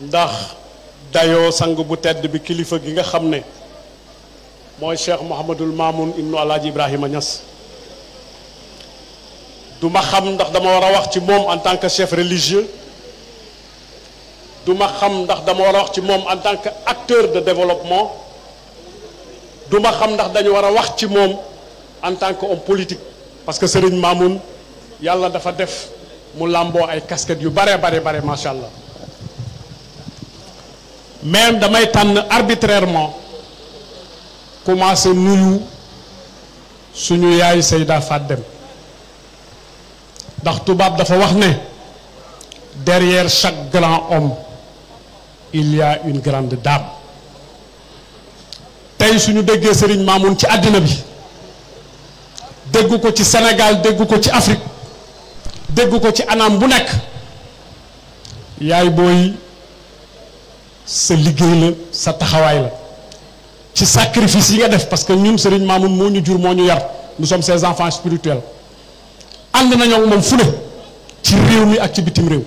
ndax dayoo sang bu tedd bi kilifa gi nga xam ne mooy cheikh Mouhamadul Mamoun ibnu Alaaji Ibrahima Niass du xam ndax dama war a wax ci moom en tant que chef religieux du ma xam ndax dama war a wax ci moom en tant que acteur de développement du ma xam ndax dañu war a wax ci moom en tant que politique parce que Serigne Mamoun yàlla dafa def mu làmboo ay casquettes yu bare bare bare macha allah. même damay tànn arbitrairement commencé nuyu suñu yaay Seyda Fat ndax tubaab dafa wax ne derrière chaque grand homme il y a une grande dame tey suñu déggee Serigne Mamoun ci àddina bi dégg ko ci senegaal dégg ko ci Afrique dégg ko ci anam bu nekk yaay booy sa liggéey la sa taxawaay la ci sacrifice yi nga def parce que ñun Serigne Mamoun moo ñu jur moo ñu yar nous sommes ses enfants spirituels ànd nañoo moom fu ne ci réew mi ak ci bitim réew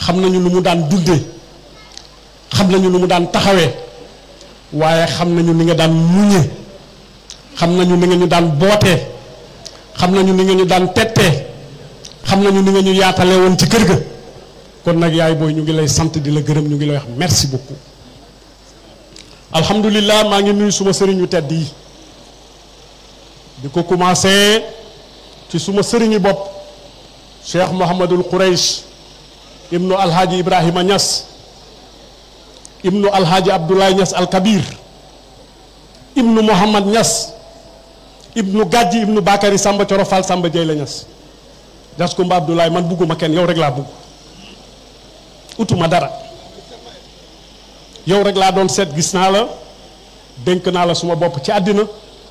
xam nañu nu mu daan dundee xam nañu nu mu daan taxawee waaye xam nañu ni nga daan muñee xam nañu ni nga ñu daan bootee xam nañu ni nga ñu daan tettee xam nañu ni nga ñu yaatale woon ci kër ga kon nag yaay booy ñu ngi lay sant di la gërëm ñu ngi lay wax merci beaucoup alhamdulilah maa ngi nuyu suma sëriñu tedd yi di ko commencé ci suma sëriñu bopp cheikh mohamadul quraysh ibnu alhaaji ibrahima ñas ibnu alhaaji abdoulaye ñas alkabir ibnu mohamad ñas ibnu gàjji ibnu bakari samba coro fal samba jay la ñas ñas kumba abdoulaye man bugguma kenn yow rek laa bugg utuma dara yow rek laa doon seet gis naa la dénk naa la suma bopp ci àddina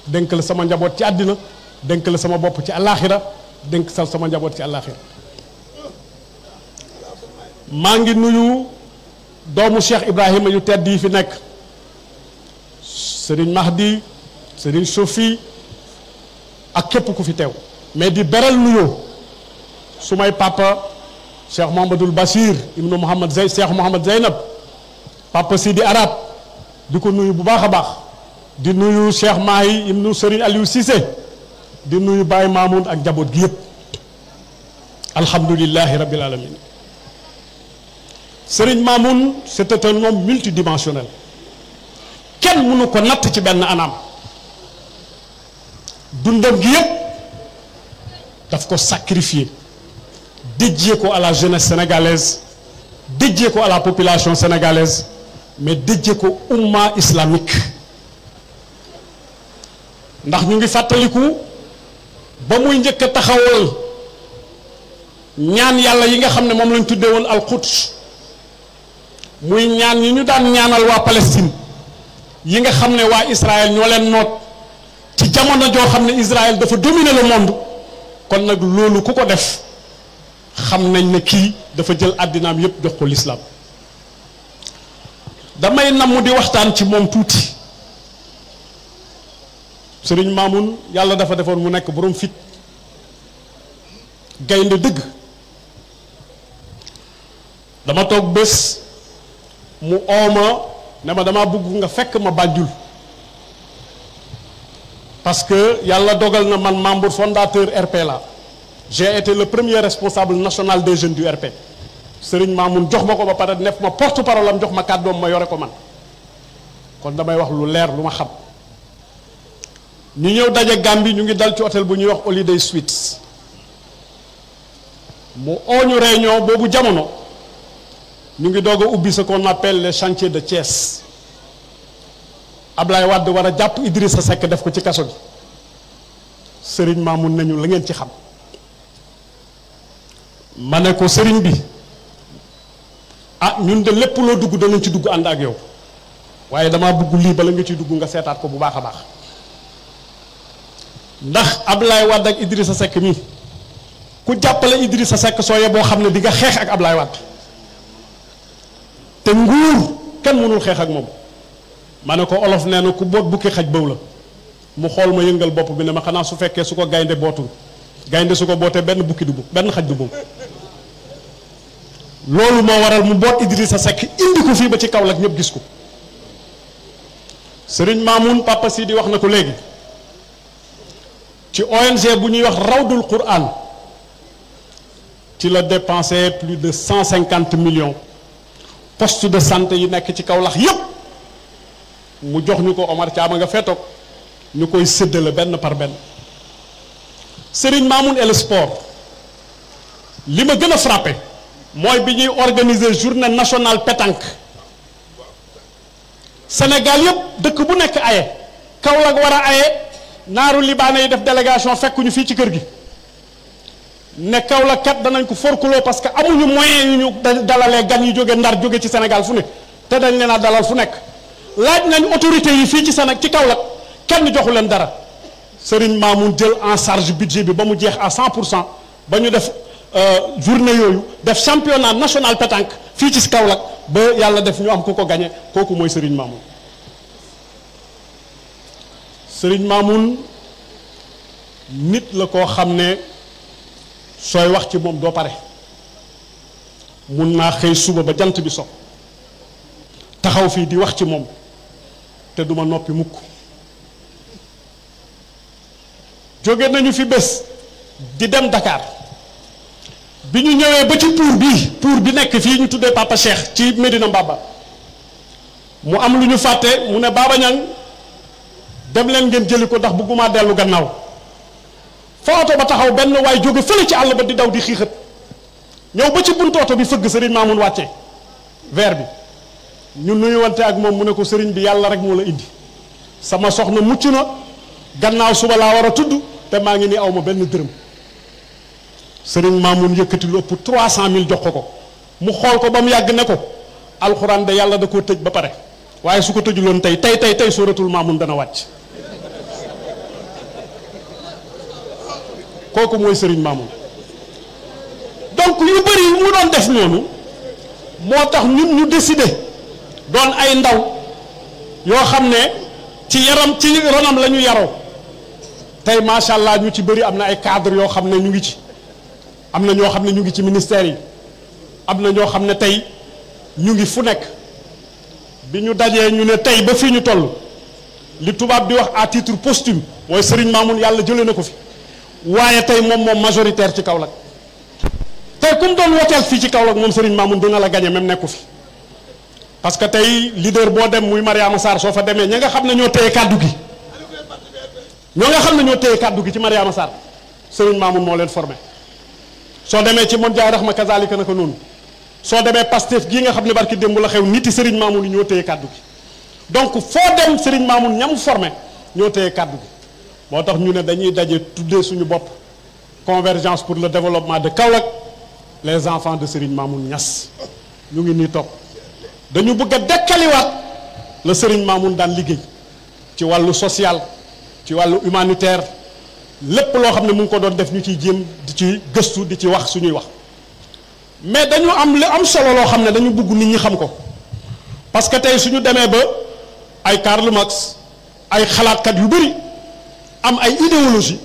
dénk la sama njaboot ci àddina dénk la sama bopp ci àllaaxira dénk sal sama njaboot ci àllaaxira maa ngi nuyu doomu Cheikh Ibrahima yu tedd yi fi nekk Serigne Mahdi Serigne Sofi ak képp ku fi teew mais di beral nuyoo su may cheikh Mouhamadul Bachir ibnu Mouhamad Zey cheikh Mouhamad Zeynab papa Sidi Arab di ko nuyu bu baax a baax di nuyu cheikh Mahi ibnu Serigne Aliou Cissé di nuyu Baye Mamoun ak njaboot gi yëpp alhamdulilahi rabil alamin Serigne Mamoun c'était un homme multidimensionnel kenn mënu ko natt ci benn anaam dundam gi yëpp daf ko sacrifier. dédié ko à la jeunesse sénégalaise dédié ko à la population sénégalaise mais dédié ko umma islamique ndax ñu ngi fàttaliku ba muy njëkk a taxawal ñaan yàlla yi nga xam ne moom lañ tuddee woon al-Quds muy ñaan yi ñu daan ñaanal waa Palestine yi nga xam ne waa Israël ñoo leen noot ci jamono joo xam ne Israël dafa dominer le monde kon nag loolu ku ko def. xam nañ ne kii dafa jël àddinaam yépp jox ko lislaam damay namm di waxtaan ci moom tuuti sëriñ Maamun yàlla dafa defoon mu nekk boroom fit gaynde dëgg dama toog bés mu ooma ne ma dama bëgg nga fekk ma bàjjul parce que yàlla dogal na man membre fondateur RP la j'ai été le premier responsable national des jeunes du RP sëriñ Mamoun jox ma ko ba pare nekk ma porte parole am jox ma kàddoom ma yore ko man kon damay wax lu leer lu ma xam ñu ñëw daje Gambie ñu ngi dal ci hôtel bu ñuy wax Holiday Suites mu ooñu réunion boobu jamono ñu ngi doog ubbi sa qu'on appelle les chantiers de Thiès Ablaye Wade war a jàpp sa Seck def ko ci kaso bi sëriñ Mamoun nañu la ngeen ci xam. ma ne ko sëriñ bi ah ñun de lépp loo dugg danañ ci dugg ànd ak yow waaye damaa bëgg lii bala nga ciy dugg nga seetaat ko bu baax a baax ndax ab lay Wade ak Idrissa Seck mi ku jàppale Idrissa Seck soo yeboo xam ne di nga xeex ak Ablaye Wade te nguur kenn mënul xeex ak moom ma ne ko olof nee na ku boot bukki xaj bëw la mu xool ma yëngal bopp bi ne ma xanaa su fekkee su ko gaynde bootul gaynde su ko bootee benn bukki du bu benn xaj du boobu loolu moo waral mu boot Idrissa Seck indi ko fii ba ci Kaolack ñëpp gis ko Serigne Mamoun Papa di wax na ko léegi ci ONG bu ñuy wax Rawdul Quran ci la dépensé plus de cent cinquante million poste de santé yi nekk ci Kaolack yépp mu jox ñu ko Omar Thiam nga feetoog ñu koy séddale benn par benn Serigne Mamoun et le sport li ma gën a frappé. mooy bi ñuy organiser journée nationale pétanque Sénégal yëpp dëkk bu nekk aye Kaolack war a aye naaru libaane yi def délégation fekkuñu fii ci kër gi ne Kaolack kat danañ ko forkuloo parce que amuñu moyen yu ñu dalalee gan yi jóge Ndar jóge ci Sénégal fu nekk te dañ leen a dalal fu nekk laaj nañ autorité yi fii ci Sénégal ci Kaolack kenn joxu leen dara Serigne Mamoun jël en charge budget bi ba mu jeex à cent pour cent ba ñu def. Euh, journée yooyu def championnat national pétanque fii ci Kaolack ba yàlla def ñu am ku ko gañe kooku mooy sëriñ Mamoun sëriñ Mamoun nit la koo xam ne sooy wax ci moom doo pare mun naa xëy suba ba jant bi so taxaw fii di wax ci moom te duma noppi mukk jóge nañu fi bés di dem dakaar bi ñu ñëwee ba ci puur bi puur bi nekk fii ñu tuddee Papa Cheikh ci Medina Mbaba mu am lu ñu fàtte mu ne Baba Niang dem leen ngeen jëli ko ndax bëgguma dellu gannaaw fa oto ba taxaw benn waay jóge fële ci àll ba di daw di xiixat ñëw ba ci buntu oto bi fëgg sëriñ Mamoun wàcce verre bi ñu nuyuwante ak moom mu ne ko sëriñ bi yàlla rek moo la indi sama soxna mucc na gannaaw suba laa war tudd te maa ngi ni aw ma benn dërëm. sëriñ Mamoun yëkkati lu ëpp 300000 jox ko ko mu xool ko ba mu yàgg ne ko alxuraan de yàlla da koo tëj ba pare waaye su ko tëjuloon tey tey tey tey sóoratul Mamoun dana wàcc kooku mooy sëriñ Mamoun donc yu bëri mu doon def noonu moo tax ñun ñu décider doon ay ndaw yoo xam ne ci yaram ci ronam la ñu yaroo tey macha allah ñu ci bëri am na ay cadre yoo xam ne ñu ngi ci. am na ñoo xam ne ñu ngi ci ministère yi am na ñoo xam ne tey ñu ngi fu nekk bi ñu dajee ñu ne tey ba fii ñu toll li tubaab di wax à titre posthume mooy Serigne Mamoun yàlla jëlee na ko fi waaye tey moom moom majoritaire ci Kaolack tey ku mu doon woteel fii ci Kaolack moom Serigne Mamoun dina la gañe même nekku fi parce que tey leader boo dem muy Mariama Sarr soo fa demee ña nga xam ne ñoo téye kàddu gi ñoo nga xam ne ñoo teye kàddu gi ci Mariama Sarr Serigne Mamoun moo leen formé. soo demee ci moom jaay raxma kazalika ko noonu soo demee Pastef gii nga xam ne barki démb la xew niti Serigne Mamoun ñoo téye kàddu gi donc foo dem Serigne Mamoun ñam formé ñoo téye kàddu gi moo tax ñu ne dañuy daje tuddee suñu bopp convergence pour le développement de Kaolack les enfants de Serigne Mamoun Niass ñu ngi nii toog dañu bëgg a dekkaliwaat la Serigne Mamoun daan liggéey ci wàllu social ci wàllu humanitaire lépp loo xam ne mu ngi ko doon def ñu ciy jéem di ci gëstu di ci wax suñuy wax mais dañu am li am solo loo xam ne dañu bëgg nit ñi xam ko parce que tey suñu demee ba ay Karl ay xalaatkat yu bëri am ay idéologie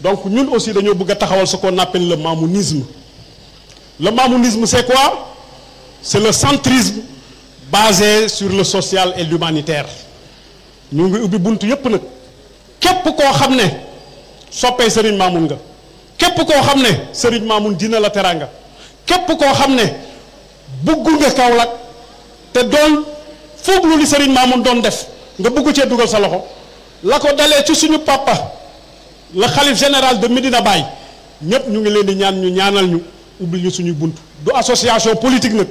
donc ñun aussi dañoo bëgg a taxawal ce qu'on appelle le mamounisme le mamounisme c'est quoi c'est le centrisme basé sur le social et l'humanitaire ñu ngi ubbi bunt yëpp nag képp koo xam ne soppee Serigne Mamoun nga képp koo xam ne Serigne Mamoun dina la teraanga képp koo xam ne bëggu nga Kaolack te doon fooglu li Serigne Mamoun doon def nga bëgg cee dugal sa loxo la ko dalee ci suñu papa la xalif général de Medina bàyyi ñëpp ñu ngi leen di ñaan ñu ñaanal ñu ubbi ñu suñu bunt du association politique nag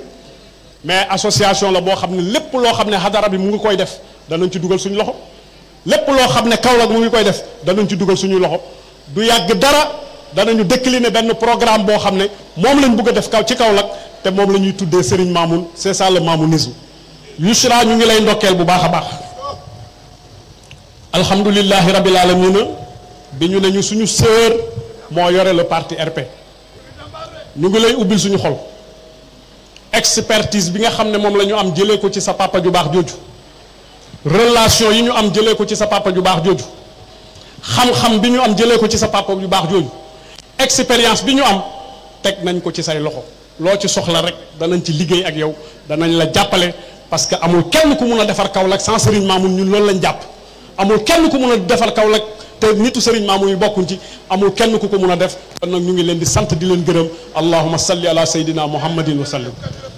mais association la boo xam ne lépp loo xam ne xadara bi mu ngi koy def danañ ci dugal suñu loxo. lépp loo xam ne Kaolack mu ngi koy def danañ ci dugal suñuy loxo du yàgg dara danañu ne benn programme boo xam ne moom lañ bëgg def kaw ci kaw lag te moom la ñuy tuddee Serigne Mamoun c'est ça le mamounisme Yousra ñu ngi lay ndokkeel bu baax a baax alhamdulilahi rabil alamina bi ñu ne ñu suñu sœur moo yore le parti RP ñu ngi lay ubbil suñu xol expertise bi nga xam ne moom la ñu am jëlee ko ci sa papa ju baax jooju relation yi ñu am jëlee ko ci sa papa ju baax jooju xam-xam bi ñu am jëlee ko ci sa papa ju baax jooju expérience bi ñu am teg nañ ko ci say loxo loo ci soxla rek danañ ci liggéey ak yow danañ la jàppale parce que amul kenn ku mun a defar Kaolack sans Serigne Mamoun ñun loolu lañ jàpp amul kenn ku mun a defar Kaolack te nitu Serigne Mamoun yi bokkuñ ci amul kenn ku ko mun a def kon nag ñu ngi leen di sant di leen gërëm allahuma salli ala sayyidina muhammadin wa sallim